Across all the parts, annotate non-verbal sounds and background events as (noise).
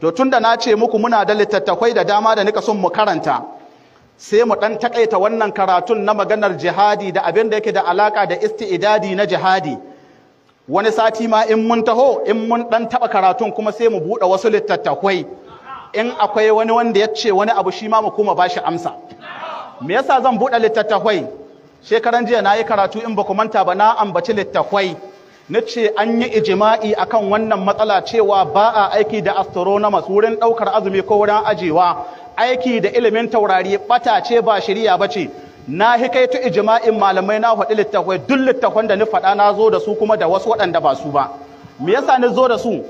to tunda na ce muku muna da littattafai da dama da nika son mu karanta sai mu dan takaita wannan karatun na maganar jihadi da abin da yake da alaka da isti'dadi na jihadi wani sati ma in mun taho in mun dan taba karatun kuma sai mu bude wasu littattafai in akwai wani wanda ya ce wani abu shi ma mu kuma ba shi amsa me yasa zan bude littattafai shekaran jiya nayi karatu in ba ku manta ba na ambaci littattafai na ce an yi ijima'i akan wannan matsala cewa ba a aiki da astronomers wurin ɗaukar azumi ko wurin ajewa aiki da ilimin taurari ɓata ce ba shirya ba ce na hikaitu ijima'in malamai na faɗi littafai duk littafan da ni faɗa na zo da su kuma da wasu waɗanda ba su ba me yasa ni zo da su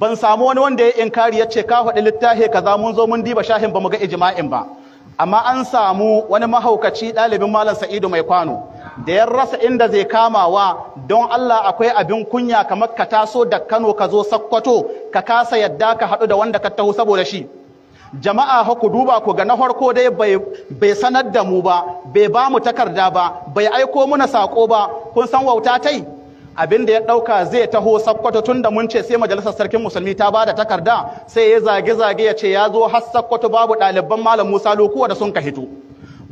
ban samu wani wanda ya inkari ya ce ka faɗi littafi kaza mun zo mun diba shahin ba mu ga ijima'in ba amma an samu wani mahaukaci ɗalibin malam sa'idu mai kwano da ya rasa inda zai kamawa don Allah akwai abin kunya kamar ka taso da Kano ka zo Sakkwato ka kasa yadda ka haɗu da wanda ka taho saboda shi jama'a haku duba ku ga na farko dai bai sanar da mu ba bai ba mu takarda ba bai aiko muna sako ba kun san wauta tai abin da ya dauka zai taho sakkwato tunda mun ce sai majalisar sarkin musulmi ta bada takarda sai ya zage zage ya ce ya zo har sakkwato babu ɗaliban malam musa lokuwa da sun ka hito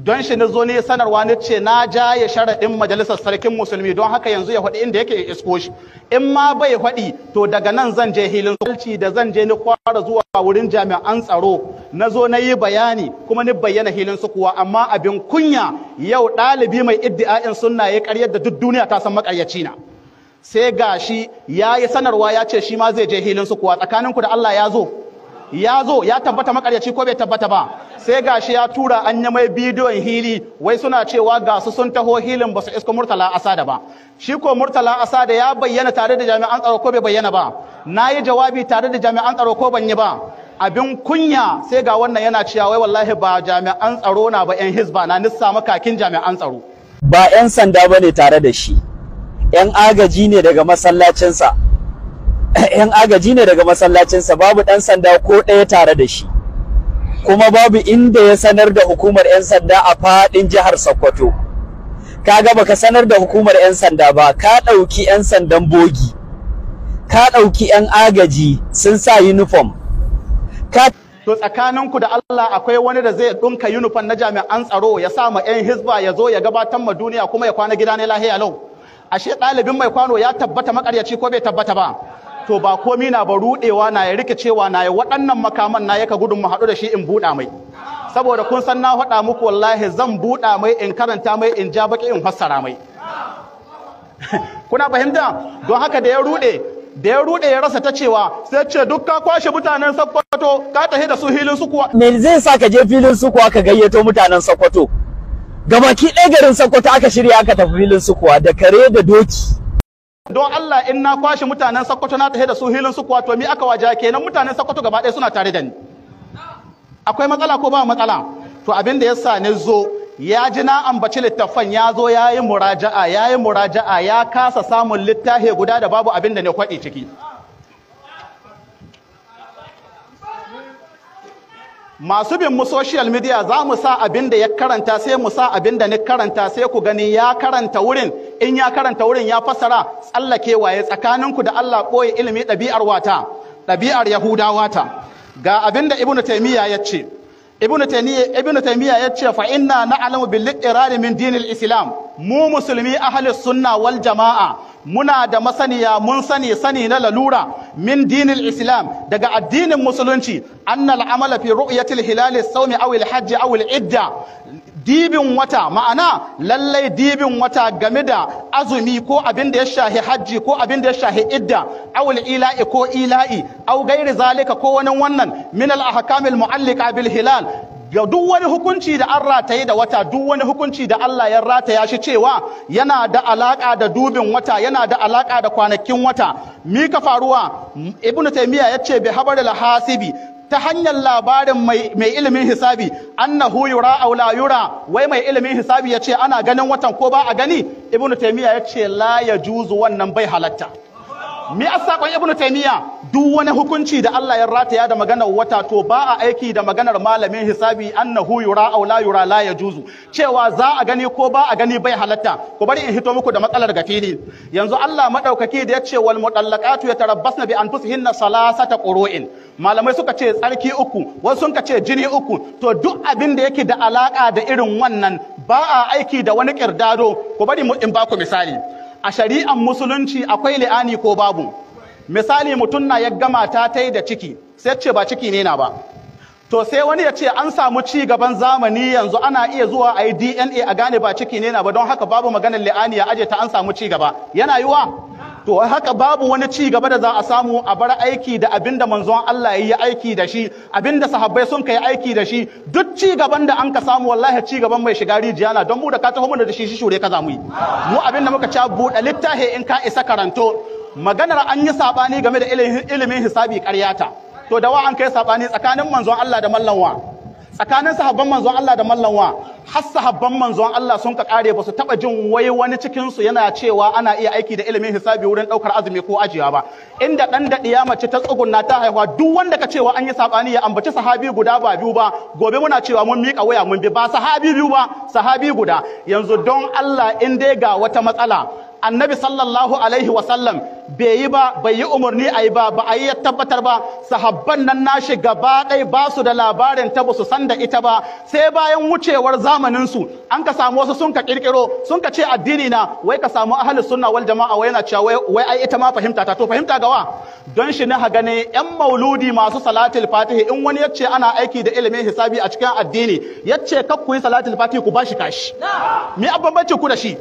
don shi na zo ne sanarwa na ce na ja ya sharaɗin majalisar sarkin musulmi don haka yanzu ya faɗi inda yake ya isko shi in ma bai faɗi to daga nan zan je hilin sulci da zan je ni kwara zuwa wurin jami'an tsaro na zo na yi bayani kuma ni bayyana hilin su kuwa amma abin kunya yau ɗalibi mai iddi'a'in sunna ya karyar da duk duniya ta san makaryaci na sai gashi ya yi sanarwa ya ce shi ma zai je hilin su kuwa tsakaninku da Allah ya zo ya zo ya tabbata makaryaci ko bai tabbata ba sai ga shi ya tura an yi mai bidiyon hili wai suna cewa ga su sun taho hilin ba su isko murtala asada ba shi ko murtala asada ya bayyana tare da jami'an tsaro ko bai bayyana ba na yi jawabi tare da jami'an tsaro ko ban yi ba abin kunya sai ga wannan yana cewa wai wallahi ba jami'an tsaro na ba yan hizba na nissa makakin jami'an tsaro ba yan sanda bane tare da shi yan agaji ne daga masallacinsa (coughs) yan agaji ne daga masallacinsa babu ɗan sanda ko ɗaya tare da shi kuma babu inda ya sanar da hukumar 'yan sanda a faɗin jihar Sokoto kaga baka sanar da hukumar 'yan sanda ba ka ɗauki 'yan sandan bogi ka ɗauki 'yan agaji sun sa uniform ka to tsakaninku da Allah akwai wani da zai ɗunka uniform na jami'an tsaro ya sa ma 'yan hizba ya zo ya gabatar ma duniya kuma ya kwana gida ne lahiya lau ashe ɗalibin mai kwano ya tabbata makaryaci ko bai tabbata ba to ba komi na ba rudewa na ya rike cewa na ya waɗannan makaman na yaka gudun mu haɗu da shi in buɗa mai saboda kun san na faɗa muku wallahi zan buɗa mai in karanta mai in ja baki in fassara mai (laughs) kuna fahimta don haka da ya rude da ya rude ya rasa ta cewa sai ce duk ka kwashe mutanen Sakkwato ka tafi da su filin su kuwa me zai sa ka je filin su kuwa ka gayyato mutanen Gama gabaki ɗaya garin Sakkwato aka shirya aka tafi filin su kuwa da kare da doki don Allah in na kwashe mutanen Sokoto na tahe da su hilin su kwato mi aka waja kenan mutanen Sokoto gaba ɗaya suna tare da ni akwai matsala ko ba matsala to abin da yasa ne zo ya ji na ambaci littafan ya zo ya yi muraja'a ya yi muraja'a ya kasa samun littafi guda da babu abin da ne kwaɗi ciki masu bin mu social media za mu sa abin da ya karanta sai mu sa abin da ni karanta sai ku gani ya karanta wurin in ya karanta wurin ya fasara tsallake waye tsakaninku da Allah ɓoye ilimi ɗabi'ar wata ɗabi'ar yahudawa ta ga abin da ibnu taymiya ya ce ibnu taymiya ibnu taymiya ya ce fa inna na'lamu bil iqrar min dinil islam mu musulmi ahlus sunna wal jama'a muna da masaniya mun sani sani na lalura min dinil islam daga addinin musulunci annal amala fi ru'yatil hilal sawmi aw al-hajj aw al-idda dibin wata ma'ana lallai dibin wata game da azumi ko abin da ya shahi hajji ko abin da ya shahi idda awul ila'i ko ila'i aw gairi zalika ko wani wannan min al ahkamil mu'allika bil hilal ga duk wani hukunci da an rataye da wata duk wani hukunci da Allah ya rataya shi cewa yana da alaka da dubin wata yana da alaka da kwanakin wata mi ka faruwa ibnu taymiya yace bi da hasibi ta hanyar labarin mai ilimin hisabi annahu yura aw la yura wai mai ilimin hisabi yace ana ganin watan ko ba a gani ibnu taymiya yace la yajuzu wannan bai halatta me saƙon ibnu taimiyya? duk wani hukunci da Allah ya rataya da maganar wata to ba a aiki da maganar malamin hisabi annahu yura aw la yura la yajuzu cewa za a gani ko ba a gani bai halatta ku bari in hito muku da matsalar gafili yanzu Allah madaukaki da ya yace wal mudallaqatu yatarabbasna bi anfusihinna salasata qurun malamai suka ce tsarki uku wasu suka ce jini uku to duk abin da yake da alaka da irin wannan ba a aiki da wani kirdado ku bari mu in ba ku misali a shari'an musulunci akwai li'ani ko babu misali mutum na ya gama ta ta da ciki sai ce ba ciki ne na ba to sai wani ya ce an samu ci gaban zamani yanzu ana iya zuwa a yi dna a gane ba ciki ne na ba don haka babu maganar li'ani ya aje ta an samu ci gaba yana yiwa to haka babu wani ci gaba da za a samu a bar aiki da abinda da manzon Allah ya yi aiki da shi abin da sahabbai sun kai aiki da shi duk ci gaban da an ka samu wallahi ci gaban mai shiga rijiya na don mu da ka taho mu da shi shi shure ka mu yi mu abinda muka ci buɗe littafi in ka isa karanto maganar an yi sabani game da ilimin hisabi ƙaryata to da wa an kai sabani tsakanin manzon Allah da wa. tsakanin sahabban manzon Allah da mallanwa har sahabban manzon Allah sun ka kare ba su taba jin wai wani cikin su yana cewa ana iya aiki da ilimin hisabi wurin daukar azumi ko ajiya ba inda dan da ya mace ta tsugunna ta haihuwa duk wanda ka cewa an yi sabani ya ambaci sahabi guda ba biyu ba gobe muna cewa mun mika waya mun bi ba sahabi biyu ba sahabi guda yanzu don Allah in dai ga wata matsala annabi sallallahu alaihi wasallam bai yi ba bai yi umarni a yi ba ba a yi ya tabbatar ba sahabban nan nashi gaba ɗaya ba su da labarin ta ba su san da ita ba sai bayan wucewar zamanin su an ka samu wasu sun ka kirkiro sun ka ce addini na wai ka samu ahalin sunna wal jama'a wai yana cewa wai ai ita ma fahimta ta to fahimta gawa don shi na haga yan mauludi masu salatul fatihi in wani yace ana aiki da ilimin hisabi a cikin addini yace kakku yi salatul fatihi ku bashi kashi me abban ku da shi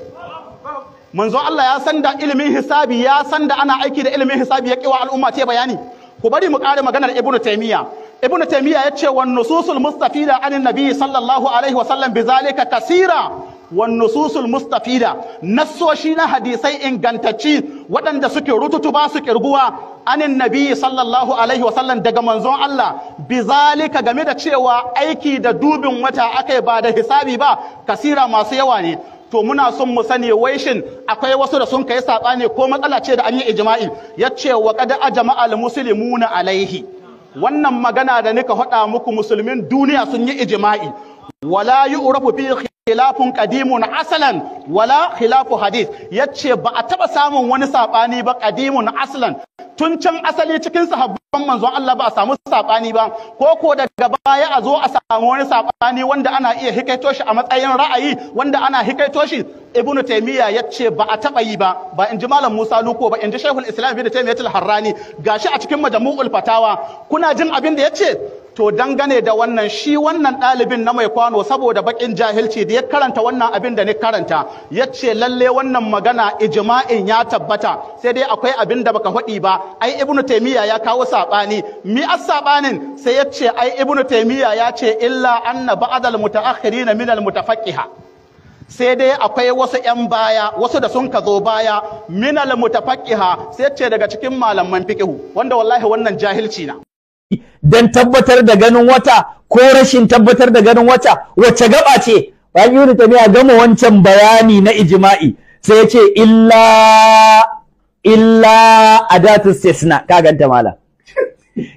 manzon Allah ya san da ilimin hisabi ya san da ana aiki da ilimin hisabi ya kiwa al'umma ce bayani ku bari mu kare maganar ibnu taymiya ibnu taymiya ya ce wan nususul mustafida anin nabi sallallahu alaihi wa sallam bizalika kasira wan nususul mustafida nassoshi na hadisai ingantacci waɗanda suke rututu ba su kirguwa anin nabi sallallahu alaihi wa sallam daga manzon Allah bizalika game da cewa aiki da dubin wata akai ba da hisabi ba kasira masu yawa ne to muna son mu sani wai shin akwai wasu da sun kai saɓani ko matsala ce da an yi ijma'i yace wa kada ajma al muslimuna alaihi wannan magana da nika faɗa muku musulmin duniya sun yi ijma'i wala yu'rafu fi khilafun qadimun asalan wala khilafu hadith ce ba a taba samun wani sabani ba qadimun asalan tun can asali cikin sahabban manzon Allah ba a samu sabani ba ko ko daga baya a zo a samu wani sabani wanda ana iya hikaito shi a matsayin ra'ayi wanda ana hikaito shi ibnu taymiya yace ba a taba yi ba ba inji malam Musa Luko ba inji shaykhul Islam Ibn taymiya al-Harrani gashi a cikin majmu'ul fatawa kuna jin abin da yace to dangane da wannan shi wannan ɗalibin na mai kwano saboda bakin jahilci da ya karanta wannan abin da ni karanta ya ce lalle wannan magana ijima'in ya tabbata sai dai akwai abin da baka faɗi ba ai ibnu taymiya ya kawo saɓani. mi as sabanin sai ya ce ai ibnu taymiya ya ce illa anna ba'dal mutaakhirin min al mutafaqqiha sai dai akwai wasu 'yan baya wasu da sun ka zo baya minal mutafaqqiha sai ce daga cikin malaman fiqhu wanda wallahi wannan jahilci na don tabbatar da ganin wata ko rashin tabbatar da ganin wata wacce gaba ce bayan yuni ta a gama wancan bayani na ijma'i sai ya ce illa illa adatul istisna ka ganta mala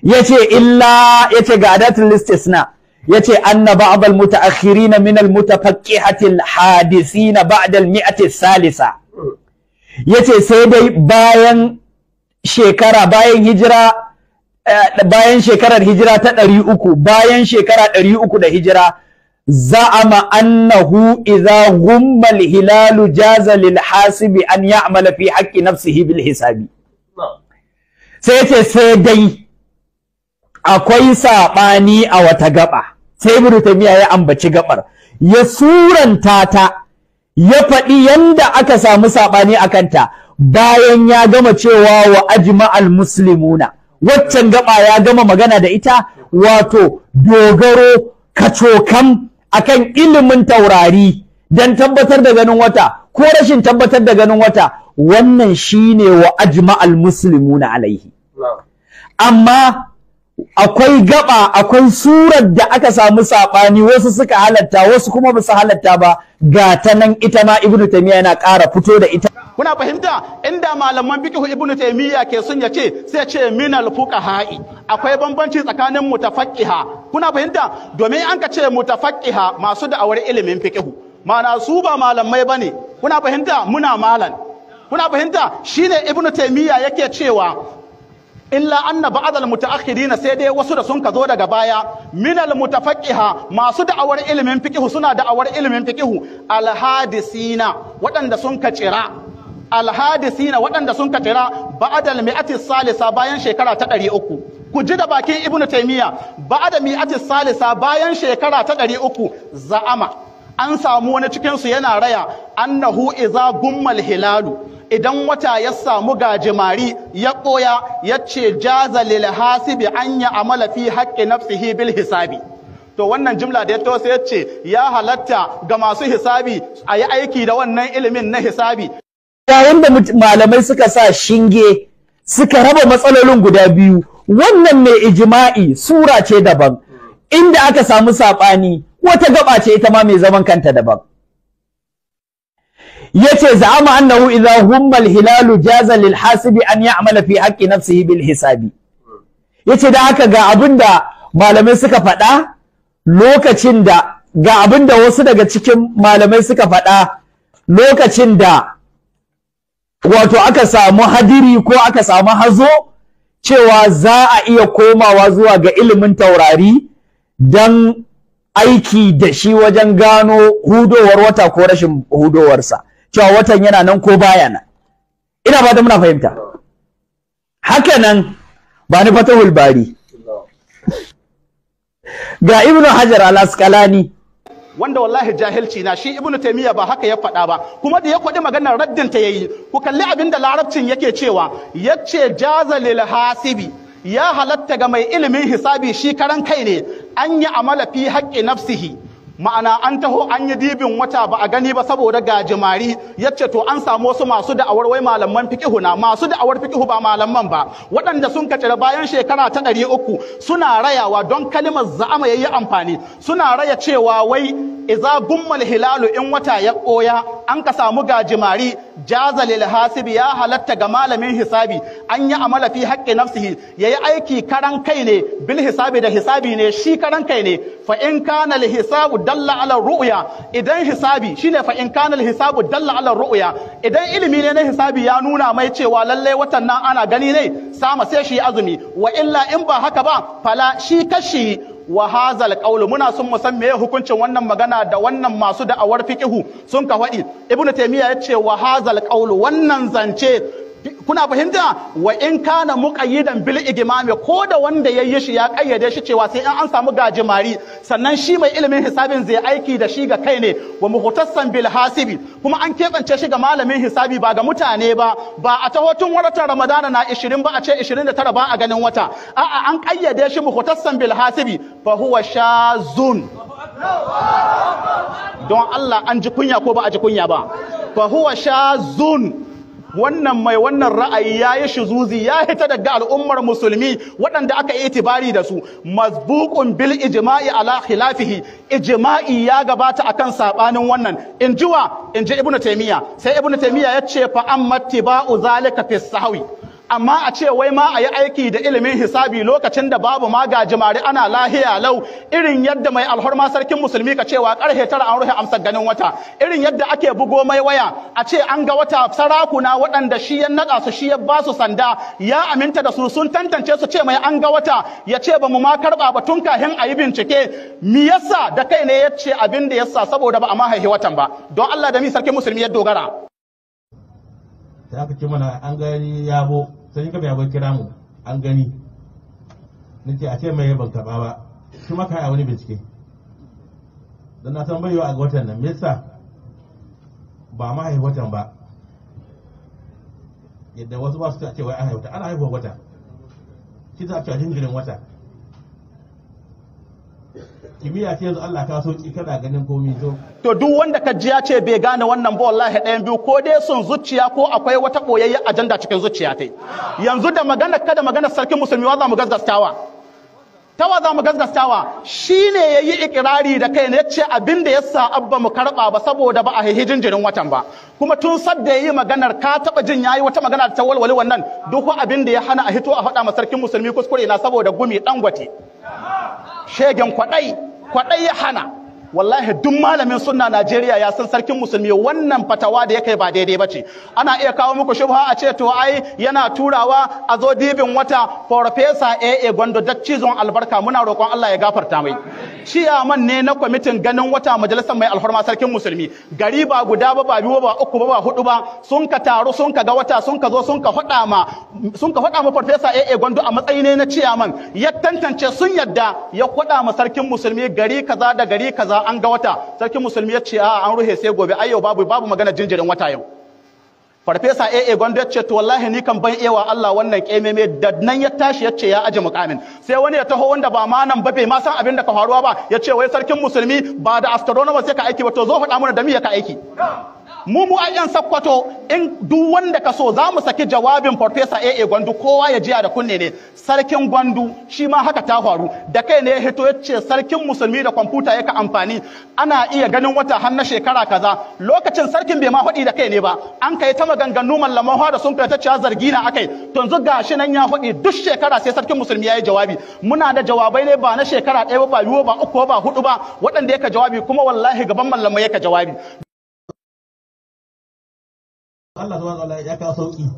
yace illa yace ga adatul istisna yace anna ba'd al mutaakhirin minal muta mutafaqqihati hadisi na ba'da al mi'ati salisa yace sai dai bayan shekara bayan hijira Eh, bayan shekarar hijira ta ɗari uku bayan shekara ɗari uku da hijira za'ama annahu idza ghumma al-hilalu jaza lil hasibi an ya'mala fi haqqi nafsihi bil hisabi sai yace sai dai akwai sabani a wata gaba sai ibnu miya ya ambaci gabar ya suranta ta ya faɗi yanda aka samu sabani akan ta bayan ya gama cewa wa ajma'al muslimuna waccan gaba ya gama magana da ita wato dogaro kacokan akan ilimin taurari dan tabbatar da ganin wata ko rashin tabbatar da ganin wata wannan shine wa ajma'al muslimuna alaihi amma akwai gaba akwai surar da aka samu saɓani wasu suka halatta wasu kuma ba su halatta ba ga ta nan ita ma ibnu taymiya yana ƙara fito da ita kuna fahimta inda malaman fiqh ibnu taymiya ke sun ya ce sai ce min al fuqaha'i akwai bambanci tsakanin mutafaqqiha kuna fahimta domin an ka ce mutafaqqiha masu da awar ilimin fiqh ma'ana su ba malamai bane kuna fahimta muna malan kuna fahimta shine ibnu taymiya yake cewa illa anna ba'd al sai dai wasu da sun ka zo daga baya min al mutafaqqiha masu da'awar ilimin fiqh suna da'awar ilimin fiqh al hadisina waɗanda sun ka tsira al hadisina waɗanda sun ka tsira ba'd mi'ati salisa bayan shekara ta 300 ku ji da bakin ibnu taymiya ba'd mi'ati salisa bayan shekara ta 300 za'ama an samu wani cikin su yana raya annahu iza gummal hilalu idan wata ya samu gajimari ya ɓoya ya ce jaza lil hasibi an ya amala fi haƙƙi nafsihi bil hisabi to wannan jimla da ya to sai ce ya halatta ga masu hisabi a yi aiki da wannan ilimin na hisabi yayin da malamai suka sa shinge suka raba matsalolin guda biyu wannan mai ijima'i sura ce daban inda aka samu saɓani wata gaba ce ita ma mai zaman kanta daban yace za'ama annahu idza humma al-hilalu jaza lil hasibi an ya'mala fi haqqi nafsihi bil hisabi yace da haka ga abinda malamai suka faɗa lokacin da ga abinda wasu daga cikin malamai suka faɗa lokacin da wato aka samu hadiri ko aka samu hazo cewa za a iya komawa zuwa ga ilimin taurari don aiki da shi wajen gano hudowar wata ko rashin hudowarsa cewa watan yana nan ko baya nan ina ba da muna fahimta haka nan ba ni fatahul bari ga ibnu hajar al-asqalani wanda wallahi jahilci na shi ibnu taymiya ba haka ya faɗa ba kuma da ya kwaɗi maganar raddin ta yayi ku kalli abin da larabcin yake cewa yace jaza lil hasibi ya halatta ga mai ilimin hisabi shi karan kai ne an yi amala fi haqqi nafsihi ma'ana an taho an yi dibin wata ba a gani ba saboda gajimari ce to an samu wasu masu da'awar wai malaman fikihu na masu da'awar fikihu ba malaman ba waɗanda sun kacira bayan shekara ta ɗari uku suna rayawa don kalimar za'ama yayi amfani suna raya cewa wai iza gummal hilalu in wata ya koya an ka samu gajimari jaza lil hasibi ya halatta ga malamin hisabi an yi amala fi haqqi nafsihi yayi aiki karan kai ne bil hisabi da hisabi ne shi karan kai ne fa in kana al hisabu dalla ala ru'ya idan hisabi shine fa in kana al hisabu dalla ala ru'ya idan ilimi ne na hisabi ya nuna mai cewa lalle watan nan ana gani ne sama sai shi azumi wa illa in ba haka ba fala shi kashi wa hazal qawlu muna son mu san meye hukuncin wannan magana da wannan masu da'awar fiqhu sun ka faɗi ibnu taymiya yace wa hazal qawlu wannan zance kuna fahimta wa in kana muqayyidan bil igmami ko da wanda ya yi shi ya kayyade shi cewa sai in an samu gajimari sannan shi mai ilimin hisabin zai aiki da shi ga kai ne wa muhtassan bil hasibi kuma an kebance shi ga malamin hisabi ba ga mutane ba ba a tahotun watan ramadana na 20 ba a ce 29 ba a ganin wata a'a an kayyade shi muhtassan bil hasibi fa huwa shazun don Allah an ji kunya ko ba a ji kunya ba fa huwa shazun wannan mai wannan ra'ayi ya yi shuzuzi ya hita daga al'ummar musulmi waɗanda aka yi itibari da su mazbukun bil ijma'i ala khilafihi ijma'i ya gabata akan sabanin wannan in jiwa in ji ibnu taymiya sai ibnu taymiya ya ce fa amma tiba'u zalika fi sahwi amma a ce wai ma a yi aiki da ilimin hisabi lokacin da babu ma mari ana lahiya lau irin yadda mai alhorma sarkin musulmi ka cewa karhe tara an rufe amsar ganin wata irin yadda ake bugo mai waya a ce an ga wata sarakuna waɗanda shi ya naɗa su shi ya ba sanda ya aminta da su sun tantance su ce mai an ga wata ya ce ba mu ma karɓa ba tun kafin a yi bincike mi yasa da kai ne ya ce abin da yasa saboda ba a ma haihi watan ba don Allah da mi sarkin musulmi ya dogara. Ya aka mana an gani bo. sai ka ya kira mu an gani na ce a ce mai ban karɓa ba shi maka a wani bincike don na san bai a ga watan nan mista ba ma haifi watan ba yadda wasu ba su ta ce wai an haifi wata ana haifuwa wata shi za a cewa jinjirin wata kimiyya ce yanzu Allah ka sauki kana ganin komai zo to duk wanda ka ji ya ce bai gane wannan ba wallahi ɗayan biyu ko dai sun zuciya ko akwai wata boyayya ajanda cikin zuciya tai yanzu da magana kada magana sarkin musulmi wa za mu ta tawa za mu ne shine yayi ikirari da kai ne yace abin da ya sa abba mu karba ba saboda ba a hijin jirin watan ba kuma tun sadda yi maganar ka taba jin ya yi wata magana da ta walwali wannan duk abin da ya hana a hito a faɗa ma sarkin musulmi kuskure na saboda gumi dangwate shegen kwaɗai kwaɗai ya hana wallahi duk malamin sunna Najeriya ya san sarkin musulmi wannan fatawa da ya ba daidai ce. ana iya kawo muku shubha a ce to ai yana turawa a zo dibin wata professor AA Gondo cizon Albarka muna roƙon Allah ya gafarta mai ciyaman ne na kwamitin ganin wata majalisar mai alhorma sarkin musulmi gari ba guda ba ba biyu ba uku ba ba hudu ba sun ka taru sun ka ga wata sun ka zo sun ka faɗa ma sun ka faɗa ma professor AA Gondo a matsayi ne na ciyaman ya tantance sun yadda ya kwada ma sarkin musulmi gari kaza da gari kaza cewa an ga wata sarkin musulmi ya ce a an ruhe sai gobe ayyau babu babu magana jinjirin wata yau farfesa AA gwanda ya ce to wallahi ni kan ban ewa Allah wannan kememe da nan ya tashi ya ce ya aji mukamin sai wani ya taho wanda ba ma nan ba bai ma san abin da ka faruwa ba ya ce wai sarkin musulmi ba da astronomer sai ka aiki ba to zo faɗa mana da mi ya ka aiki mu mu yan sakkwato in duk wanda ka so za mu saki jawabin farfesa AA Gwandu kowa ya jiya da kunne ne sarkin Gwandu shi ma haka ta faru da kai ne ya hito ya ce sarkin musulmi da kwamfuta yake amfani ana iya ganin wata har na shekara kaza lokacin sarkin bai ma faɗi da kai ne ba an kai ta maganganu mallaman da sun kai ta ciya zargi na akai to yanzu gashi nan ya faɗi duk shekara sai sarkin musulmi ya yi jawabi muna da jawabai ne ba na shekara ɗaya ba ba biyu ba uku ba hudu ba waɗanda yake jawabi kuma wallahi gaban mallamai yake jawabi Allah subhanahu wa ta'ala ya kawo sauki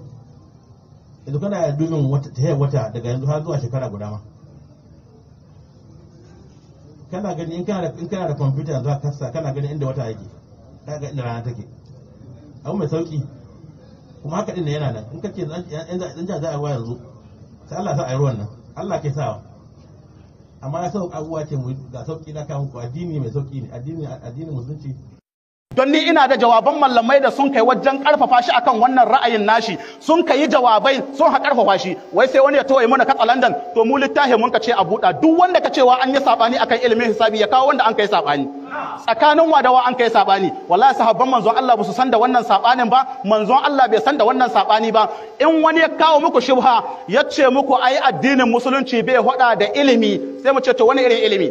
yanzu kana dubin wata ta wata daga yanzu har zuwa shekara guda ma kana gani in kana da in kana da computer yanzu ka kasa kana gani inda wata yake kaga inda rana take abu mai sauki kuma haka din yana nan in kace yanzu za a yi yanzu sai Allah ya sa a yi ruwan nan Allah ke sawa amma ya sauka abuwa ce mu ga sauki na kawo addini mai sauki ne addini addini musulunci don ni ina da jawaban mallamai da sun kai wajen karfafa shi akan wannan ra'ayin nashi sun kai jawabai sun ha karfafa shi wai sai wani ya toye mana katsa London to mu littafin mun ka ce a buɗa duk wanda ka cewa an yi sabani akan ilimin hisabi ya kawo wanda an kai sabani tsakanin wa da wa an kai sabani wallahi sahabban manzon Allah ba su san da wannan sabanin ba manzon Allah bai san da wannan sabani ba in wani ya kawo muku shubha ya ce muku ai addinin musulunci bai hada da ilimi sai mu ce to wani irin ilimi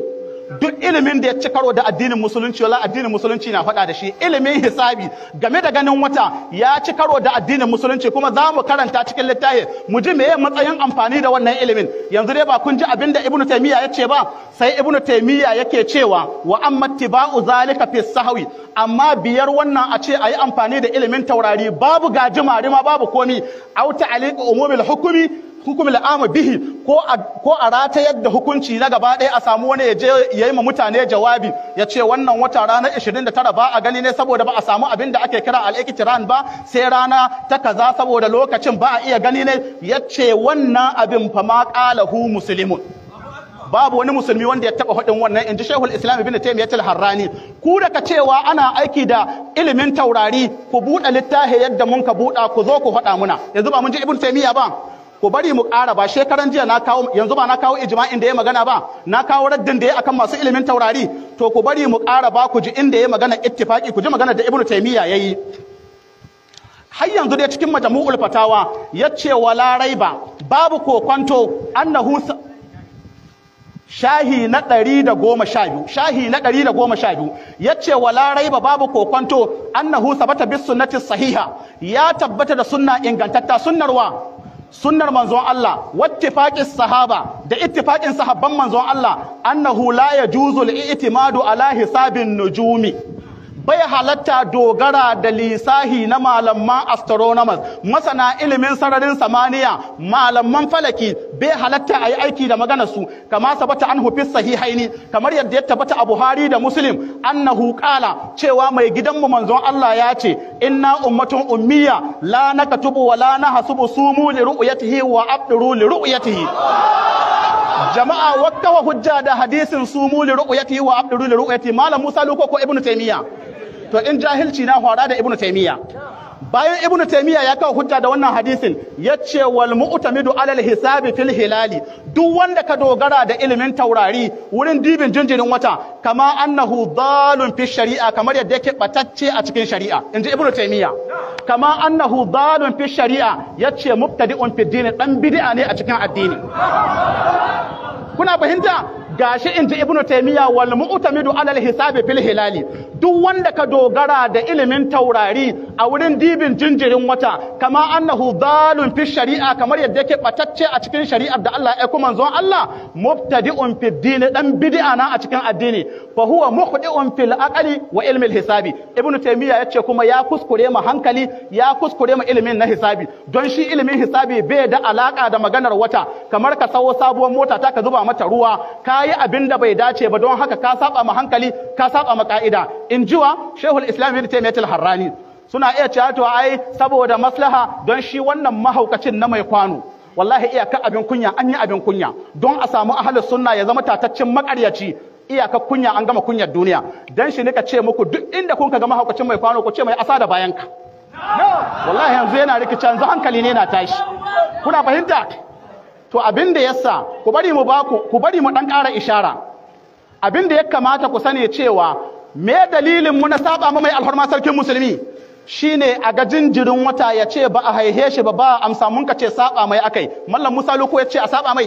duk ilimin da ya ci karo da addinin musulunci wala addinin musulunci na faɗa da shi ilimin hisabi game da ganin wata ya ci karo da addinin musulunci kuma za mu karanta cikin littafi mu ji meye matsayin amfani da wannan ilimin yanzu dai ba kun ji abin da ibnu taymiya ya ce ba sai ibnu taymiya yake cewa wa amma tiba'u zalika fi sahwi amma biyar wannan a ce ayi amfani da ilimin taurari babu gajimari ma babu komi auta aliqu umumil hukumi hukum al'amu bihi ko a ko a ratayar da hukunci na gaba ɗaya a samu wani ya je yayi ma mutane jawabi ya ce wannan wata ranar 29 ba a gani ne saboda ba a samu abin da ake kira al ba sai rana ta kaza saboda lokacin ba a iya gani ne ya ce wannan abin fa ma qalahu muslimun babu wani musulmi wanda ya taba hudin wannan inji Sheikhul Islam Ibn Taymiyyah al-Harrani ku da ka cewa ana aiki da ilimin taurari ku buɗe littafi yadda mun ka buɗa ku zo ku faɗa muna yanzu ba mun ji Ibn Taymiyyah ba Ku bari mu ƙara ba shekaran jiya na kawo yanzu ba na kawo ijma'in da ya magana ba na kawo raddin da ya akan masu ilimin taurari to ku bari mu ƙara ba ku ji inda ya magana ittifaqi ku ji magana da ibnu taymiya yayi har yanzu dai cikin majmu'ul fatawa yace wala raiba babu kokonto annahu shahi na ɗari da goma sha biyu shahi na ɗari da goma sha biyu ya ce wa larai ba babu kokwanto annahu sabata bis sunnati sahiha ya tabbata da sunna ingantatta sunnar sunnar manzon Allah wattifaqis sahaba da ittifaqin sahabban manzon Allah annahu la yajuzul itimadu ala hisabin nujumi bai halatta dogara da lisahi na malaman astronomers masana ilimin sararin samaniya malaman falaki bai halatta a yi aiki da maganar su kama sabata an hufi sahihaini kamar yadda ya tabbata a buhari da muslim annahu qala cewa mai gidanmu manzon Allah ya ce inna ummatun ummiya la nakatubu wa la nahsubu sumu li ru'yatihi wa abduru li ru'yatihi jama'a wakka hujja da hadisin sumu li wa abduru li malam musa luko ko ibnu taymiya to in jahilci na fara da ibnu taymiya bayan ibnu taymiya ya kawo hujja da wannan hadisin yace wal mu'tamidu alal hisabi fil hilali duk wanda ka dogara da ilimin taurari wurin dibin jinjirin wata kama annahu dalun fi shari'a kamar yadda yake batacce a cikin shari'a inji ibnu taymiya kama annahu dalun fi shari'a yace mubtadi'un fi dini dan bid'a ne a cikin addini kuna fahimta gashi in ji ibnu taymiya wal mu'tamidu alal hisabi fil hilali duk wanda ka dogara da ilimin taurari a wurin dibin jinjirin wata kama annahu dalun fi shari'a kamar yadda yake batacce a cikin shari'ar da Allah ya kuma manzon Allah mubtadi'un fi dini dan bid'a na a cikin addini fa huwa mukhdi'un fil aqli wa ilmi al hisabi ibnu taymiya yace kuma ya kuskure ma hankali ya kuskure ma ilimin na hisabi don shi ilimin hisabi bai da alaka da maganar wata kamar ka sawo sabuwar mota ta ka zuba mata ruwa ka yi abin da bai dace ba don haka ka saba ma hankali ka saba ma ka'ida in jiwa shehul islam ibn taymiyyah harrani suna iya cewa to ai saboda maslaha don shi wannan mahaukacin na mai kwano wallahi iyaka abin kunya an yi abin kunya don a samu ahlus sunna ya zama tataccen makaryaci iyaka kunya an gama kunyar duniya dan shi nika ce muku duk inda kun ga mahaukacin mai kwano ku ce mai asa da bayanka wallahi yanzu yana rikicin hankali ne na tashi kuna fahimta to abin da yasa ku bari mu ba ku bari mu dan ƙara ishara abin da ya kamata ku sani cewa me dalilin mu na saba mu mai alhurma sarkin musulmi shine a ga jinjirin wata ya ce ba a haihe shi ba ba amsa mun ka ce saba mai akai mallam Musa Luko ya ce a saba mai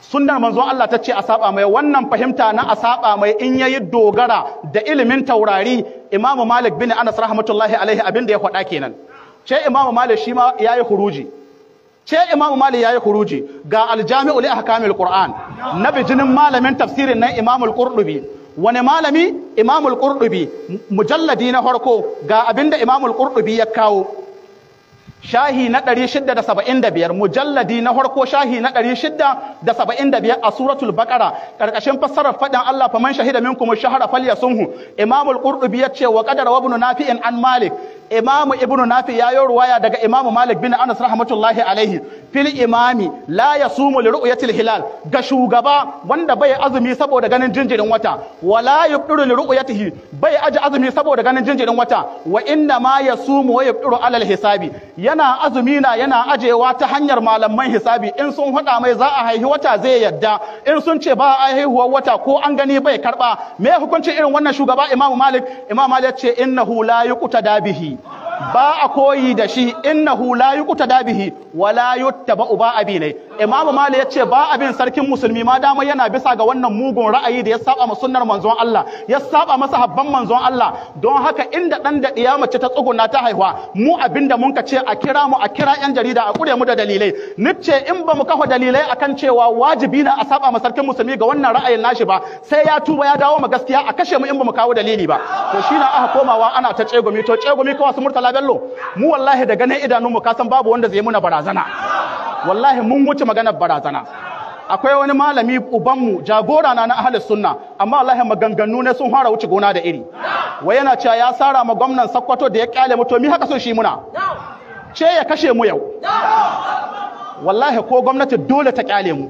sunnar manzon Allah ta ce a saba mai wannan fahimta na a saba mai in yayi dogara da ilimin taurari Imam Malik bin Anas rahmatullahi alaihi abin da ya faɗa kenan ce Imam Malik shi ma yayi huruji ce imamu mali yayi huruji ga aljami'u li ahkamil qur'an na bijinin malamin tafsirin nan imamul qurdubi wani malami imamul qurdubi mujalladi na harko ga abinda imamul qurdubi ya kawo shahi na 675 mujalladi na harko shahi na 675 a suratul baqara karkashin fassarar fadan Allah fa man shahida minkum ash-shahra falyasumhu imamul qurdubi ya ce wa qadara ibn nafi'in an malik Imam Ibn Nafi ya yi ruwaya daga Imam Malik bin Anas rahmatullahi alaihi fil imami la yasumu li ru'yatil hilal ga shugaba wanda bai azumi saboda ganin jinjirin wata wala yubdiru li ru'yatihi bai aji azumi saboda ganin jinjirin wata wa inna ma yasumu wa yubdiru alal hisabi yana azumi na yana ajewa ta hanyar malaman hisabi in sun hada mai za a haihi wata zai yadda in sun ce ba a haihuwar wata ko an gani bai karɓa. me hukuncin irin wannan shugaba Imam Malik Imam Malik in ce innahu la yuqta dabihi ba a koyi da shi innahu la yuqtada dabihi wa la yuttaba ba abi ne imam ya ce ba abin sarkin musulmi ma dama yana bisa ga wannan mugun ra'ayi da ya saba ma sunnar manzon Allah ya saba masa habban manzon Allah don haka inda dan da ɗiya mace ta tsuguna ta haihuwa mu abinda mun ka ce a kira mu a kira yan jarida a kure mu da dalilai nice in ba mu kafa dalilai akan cewa wajibi na a saba ma sarkin musulmi ga wannan ra'ayin nashi ba sai ya tuba ya dawo ma gaskiya a kashe mu in ba mu kawo dalili ba to shi na aka komawa ana ta tsegumi to tsegumi kawai su murtala Bello mu wallahi da ganin idanunmu ka san babu wanda zai muna barazana wallahi mun wuce maganar barazana akwai wani malami ubanmu jagora na na ahlus sunna amma wallahi maganganu ne sun fara wuce gona da iri wai yana cewa ya sara ma gwamnan Sokoto da ya kyale mu to mi haka so shi muna ce ya kashe mu yau wallahi ko gwamnati dole ta kyale mu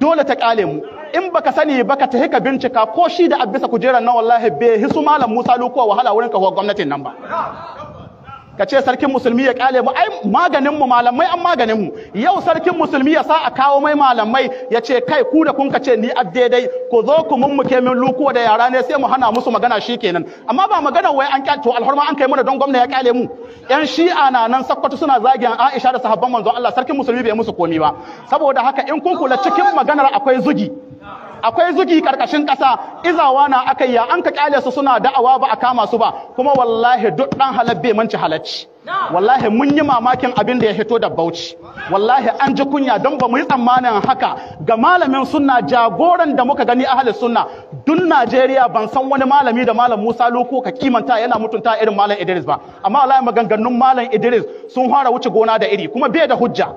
dole ta kyale mu in baka sani baka ta hika bincika ko shi da abisa kujerar nan wallahi bai hisu malam Musa lukuwa wahala wurin kawo gwamnatin nan ba ka ce sarkin musulmi ya kyale mu ai maganin mu malamai an maganin mu yau sarkin musulmi ya sa a kawo mai malamai ya ce kai ku da kun ce ni daidai ku zo ku mun muke min lukuwa da yara ne sai mu hana musu magana shikenan amma ba magana wai an kyale to alhorma an kai da don gwamna ya kyale mu yan shi'a na nan sakkwato suna zagin Aisha da sahabban manzon Allah sarkin musulmi bai musu komi ba saboda haka in kun kula cikin maganar akwai zugi akwai zugi karkashin kasa izawa na aka yi an ka kyale su suna da'awa ba a kama su ba kuma wallahi duk dan halal bai manci halacci wallahi mun yi mamakin abin da ya hito da bauchi wallahi an ji kunya don ba mu yi tsammanin haka ga malamin sunna jagoran da muka gani ahalin sunna dun Najeriya ban san wani malami da malam Musa Loko ka kimanta yana mutunta irin malam Idris ba amma wallahi maganganun malam Idris sun fara wuce gona da iri kuma bai da hujja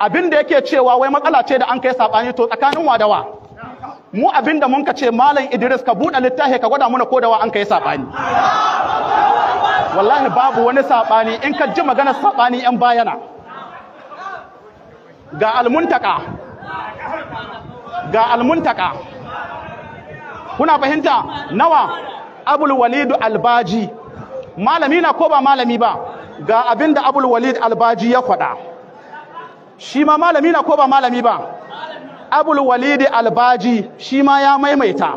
abin da yake cewa wai matsala ce da an kai sabani to tsakanin wa da wa mu abinda mun ka ce malam Idris ka buɗe littafi ka gwada muna kodawa an kai sabani wallahi babu wani sabani in ka ji maganar sabani yan bayana ga almuntaka ga almuntaka kuna fahimta nawa abul walid albaji malami na ko ba malami ba ga abinda abul walid albaji ya faɗa shi ma malami na ko ba malami ba abul walidi albaji shi ma ya maimaita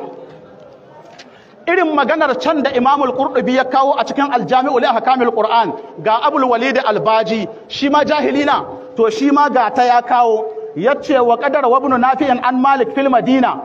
irin maganar can da imamul qurtubi ya kawo a cikin aljami'u li ahkamil qur'an ga abul walidi albaji shi ma jahilina to shi ma ga ta ya kawo yace wa qadar wa ibn nafi'in an malik fil madina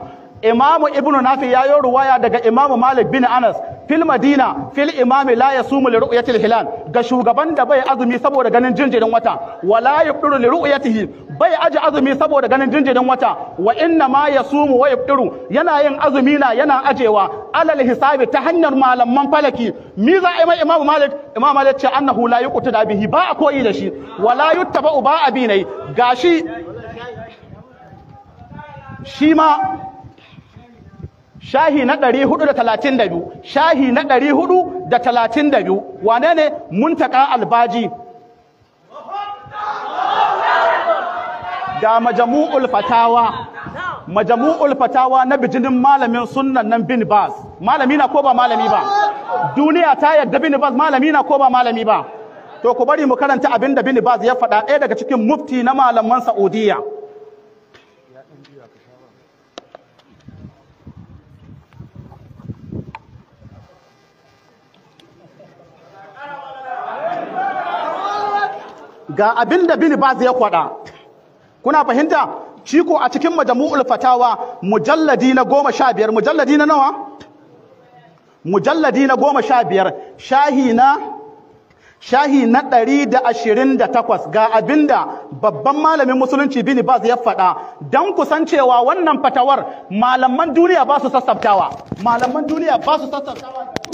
imamu ibn nafi ya yi ruwaya daga imamu malik bin anas fil madina fil imami la sumu li ru'yatil hilal ga shugaban da bai azumi saboda ganin jinjirin wata wala yufdiru li ru'yatihi bai aji azumi saboda ganin jinjirin wata wa inna ma sumu wa yufdiru yana yin azumi na yana ajewa alal hisabi ta hanyar malaman falaki mi za a yi imamu malik imamu malik ce annahu la yuqtu da bihi ba a koyi da shi wala yuttaba ba abi ne gashi shi ma shahi na ɗari biyu shahi na biyu wane ne muntaka albaji da majamu'ul fatawa majamu'ul fatawa na bijinin malamin sunnan nan bin bas malami na ko ba malami ba duniya ta yadda bin bas malami na ko ba malami ba to ku bari mu karanta abin da bin bas ya faɗa ɗaya daga cikin mufti na malaman saudiya ga abin da bin baz ya kwada kuna fahimta shi ko a cikin majmu'ul fatawa mujalladi na goma sha biyar mujalladi na nawa mujalladi na goma sha biyar shahi na shahi na ɗari da ashirin da takwas ga abinda babban malamin musulunci bin bas ya faɗa don kusancewa wannan fatawar malaman duniya ba su sassabtawa malaman duniya ba su sassabtawa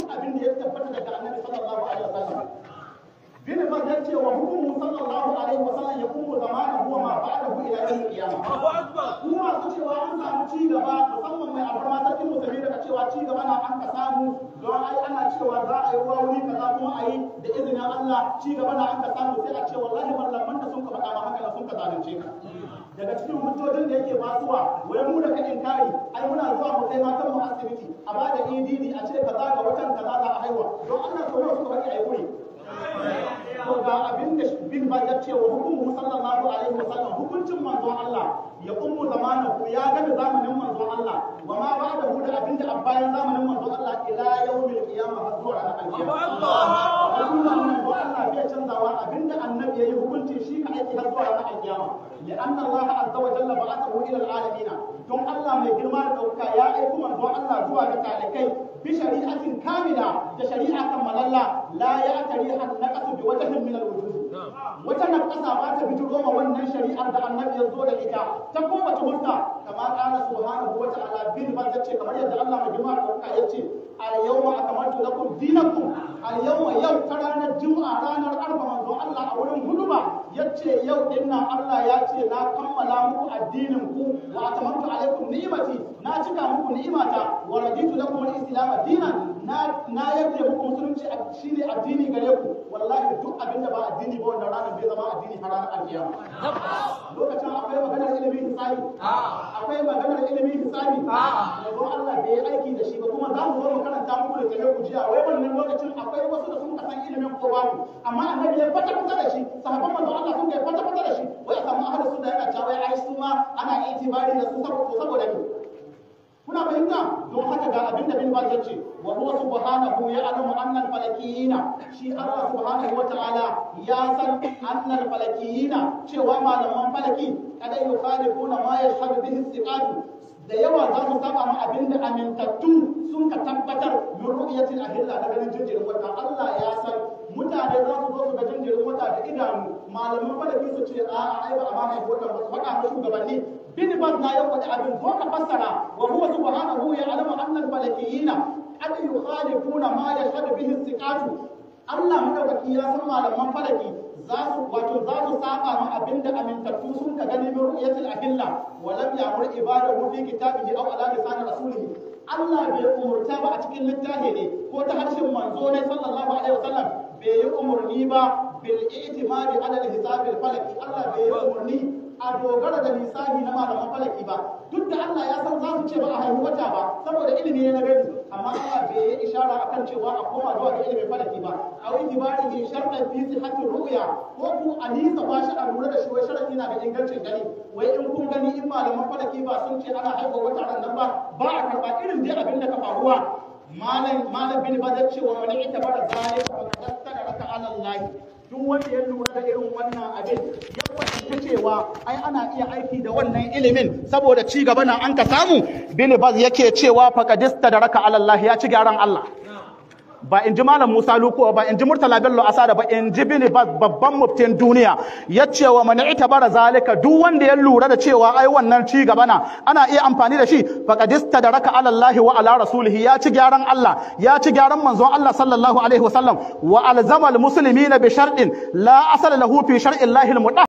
bin ba ta ce wa hukumu sallallahu alaihi wa sallam ya kuma zamana huwa ma ba'da hu ila yawm qiyamah ku masu cewa an samu ci gaba musamman mai alfarma ta kin musulmi daga cewa ci gaba na an ka samu don ai ana cewa za a yi ruwa wuri kaza kuma a da izinin Allah ci gaba na an ka samu sai a ce wallahi man da sun ka faɗa ma haka sun ka zalunce ka daga cikin hujjojin da yake basuwa wai mu da ka kari ai muna zuwa mu kai matan mu asibiti amma da idini e a ce kaza ga watan kaza za a haihuwa don Allah ko yau suka bari a yi wuri Ko ga abin da bin ba ya ce wa hukumu sallallahu alaihi wa sallam hukuncin manzon Allah ya ummu zamanin ku ya gada zamanin manzon Allah wa ma ba da hudu abin da bayan zamanin manzon Allah ila yawmil qiyamah har zuwa ranar alkiyama Allah manzon Allah bai canzawa abin da annabi yayi hukunci shi ka aiki har zuwa ranar alkiyama li anna Allah azza wa jalla ba'athahu ila al-alamin don Allah mai girma da ɗauka ya aiko manzon Allah zuwa ga talikai bi shari'atin kamila da shari'a kammalalla la ya tari an naqasu bi wajhin min al-wujud wata naqasa ba ta fito ma wannan shari'ar da annabi ya zo da ita ta koma ta hulka kama kana subhanahu wa ta'ala bin ba ta ce kamar yadda Allah mai girma da ɗauka ya ce al-yawma akmaltu lakum dinakum al-yawma yau ta ranar juma'a ranar arba manzon Allah a wurin huduba yace yau dinnan Allah ya ce na kammala muku addinin ku wa akmaltu alaikum ni'mati na cika muku ni'mata wa raditu lakum al-islam dinan na yarda ku musulunci shi ne addini gare ku wallahi duk abin da ba addini ba wannan ranar zai zama addini har ranar alkiyama lokacin akwai maganar ilimin hisabi akwai maganar ilimin hisabi zo Allah da yi aiki da shi ba kuma za mu zo mu karanta muku da gare ku jiya wai wannan lokacin akwai wasu da sun san ilimin ko babu amma annabi ya fata fata da shi sahabban manzo Allah sun kai fata fata da shi wai amma ahlus sunna yana cewa ai su ma ana itibari da su saboda me kuna fahimta don haka ga abinda bin ba ce. wa huwa subhanahu ya'lamu anna al-falakiyina shi Allah subhanahu wa ta'ala ya san anna al-falakiyina cewa malaman falaki kada yukhalifuna ma yashhadu bihi istiqatu da yawa za su saba ma abinda amintattu sun ka tabbatar min ru'yatil ahilla da ganin jinjirin wata Allah ya san mutane za su zo su ga jinjirin wata da idanu malaman falaki su ce a'a ai ba a ma haifi wata ba su faɗa ma shugabanni bin na ya faɗi abin ko ka fassara wa huwa subhanahu ya alama annal malakiyina qad yukhalifuna ma yashhadu bihi istiqatu Allah madaukaki ya san malaman falaki za su wato za su saba ma abinda amintattu sun ka gani min ru'yatil ahilla wa lam ya'mur ibadahu fi kitabihi aw ala lisan rasulih Allah bai umurta ba a cikin littafi ne ko ta harshen manzo ne sallallahu alaihi wasallam bai yi umurni ba bil i'timadi ala al falaki Allah bai yi umurni a dogara da lissafi na malaman falaki ba duk da Allah ya san za su ce ba a haihu wata ba saboda ilimi ne na gaibu amma Allah bai yi ishara akan cewa a koma zuwa ga ilimin falaki ba a wani dibari ne sharɗan fi sihatin ru'ya ko ku a nisa ba shi a lura da shi wai sharaɗi na ga ingancin gani wai in kun gani in malaman falaki ba sun ce ana haihuwa wata ran nan ba ba a karɓa irin dai abin da ka faruwa malam malam bin badar cewa wani ita bara zalika wa qad taraka ala Allah duk wanda ya lura da irin wannan abin ya fahimta cewa ai ana iya aiki da wannan ilimin saboda ci gaba na an ka samu bin baz yake cewa faqadista da raka alallahi ya ci gyaran Allah ba in ji malam Musa Lukuwa ba in ji Murtala Bello Asada ba in ji Bini babban muftin duniya ya ce wa mani ita bara zalika duk wanda ya lura da cewa ai wannan ci gaba na ana iya amfani da shi faqadista da raka ala Allah wa ala rasulihi ya ci gyaran Allah ya ci gyaran manzon Allah sallallahu alaihi wasallam wa alzamal muslimina bi shar'in la asala lahu fi shar'i Allah al